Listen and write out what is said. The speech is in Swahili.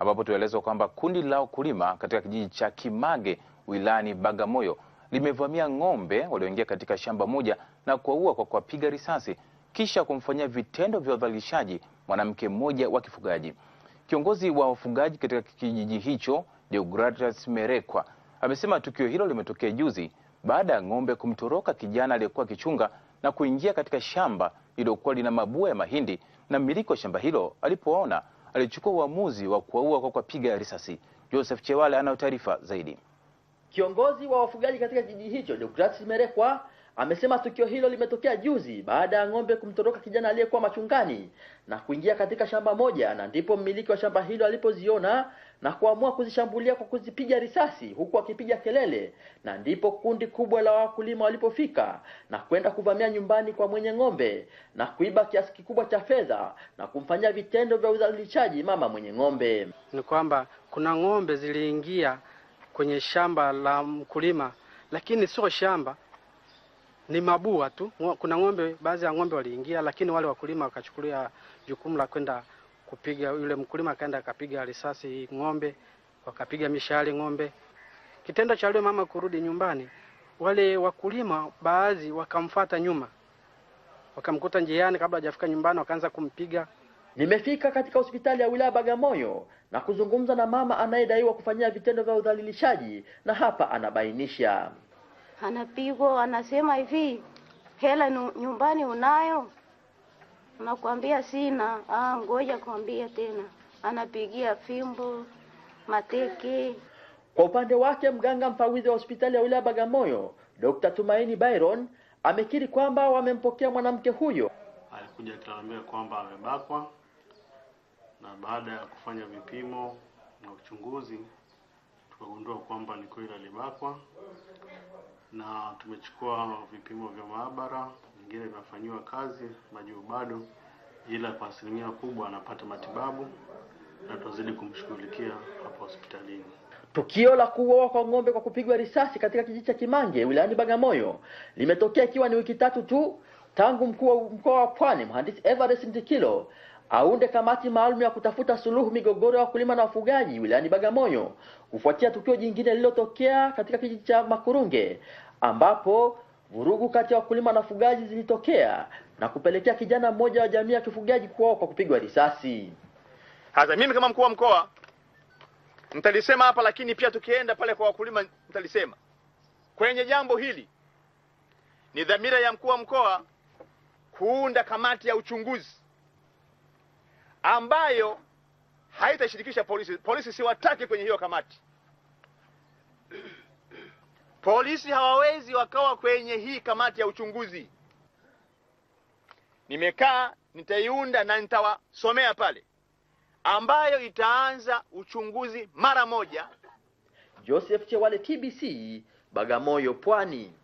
ambapo tuelezwa kwamba kundi la wakulima katika kijiji cha Kimage wilayani Bagamoyo limevamia ng'ombe walioingia katika shamba moja na kuwaua kwa kuwapiga risasi kisha kumfanyia vitendo vya udhalilishaji mwanamke mmoja wa kifugaji. Kiongozi wa wafugaji katika kijiji hicho Deogratias Merekwa amesema tukio hilo limetokea juzi baada ya ng'ombe kumtoroka kijana aliyekuwa akichunga na kuingia katika shamba lililokuwa lina mabua ya mahindi na mmiliki wa shamba hilo alipoona alichukua uamuzi wa kuwaua kwa kupiga risasi. Joseph Chewale anayo taarifa zaidi. Kiongozi wa wafugaji katika kijiji hicho Deogratias Merekwa Amesema tukio hilo limetokea juzi baada ya ng'ombe kumtoroka kijana aliyekuwa machungani na kuingia katika shamba moja, na ndipo mmiliki wa shamba hilo alipoziona na kuamua kuzishambulia kwa kuzipiga risasi huku akipiga kelele, na ndipo kundi kubwa la wakulima walipofika na kwenda kuvamia nyumbani kwa mwenye ng'ombe na kuiba kiasi kikubwa cha fedha na kumfanyia vitendo vya udhalilishaji mama mwenye ng'ombe. Ni kwamba kuna ng'ombe ziliingia kwenye shamba la mkulima, lakini sio shamba ni mabua tu. Kuna ng'ombe, baadhi ya ng'ombe waliingia, lakini wale wakulima wakachukulia jukumu la kwenda kupiga. Yule mkulima akaenda akapiga risasi ng'ombe, wakapiga mishale ng'ombe. Kitendo cha yule mama kurudi nyumbani, wale wakulima baadhi wakamfata nyuma, wakamkuta njiani, kabla hajafika nyumbani wakaanza kumpiga. Nimefika katika hospitali ya wilaya Bagamoyo na kuzungumza na mama anayedaiwa kufanyia vitendo vya udhalilishaji, na hapa anabainisha anapigwa, anasema hivi, hela nyumbani unayo? Nakwambia sina. Ah, ngoja kwambia tena, anapigia fimbo mateke. Kwa upande wake mganga mfawidhi wa hospitali ya wilaya Bagamoyo Dr. Tumaini Byron amekiri kwamba wamempokea mwanamke huyo. Alikuja akitambia kwamba amebakwa, na baada ya kufanya vipimo na uchunguzi tukagundua kwamba ni kweli alibakwa, na tumechukua vipimo vya maabara, vingine vinafanyiwa kazi, majuu bado, ila kwa asilimia kubwa anapata matibabu na tunazidi kumshughulikia hapa hospitalini. Tukio la kuuawa kwa ng'ombe kwa kupigwa risasi katika kijiji cha Kimange wilayani Bagamoyo limetokea ikiwa ni wiki tatu tu tangu mkuu wa mkoa wa Pwani mhandisi Everest Ndikilo aunde kamati maalum ya kutafuta suluhu migogoro ya wakulima na wafugaji wilayani Bagamoyo kufuatia tukio jingine lililotokea katika kijiji cha Makurunge ambapo vurugu kati ya wakulima na wafugaji zilitokea na kupelekea kijana mmoja wa jamii ya kifugaji kuuawa kwa kupigwa risasi. Hasa mimi kama mkuu wa mkoa nitalisema hapa, lakini pia tukienda pale kwa wakulima nitalisema Kwenye jambo hili ni dhamira ya mkuu wa mkoa kuunda kamati ya uchunguzi ambayo haitashirikisha polisi. Polisi siwataki kwenye hiyo kamati. Polisi hawawezi wakawa kwenye hii kamati ya uchunguzi. Nimekaa, nitaiunda na nitawasomea pale, ambayo itaanza uchunguzi mara moja. Joseph Chewale, TBC, Bagamoyo, Pwani.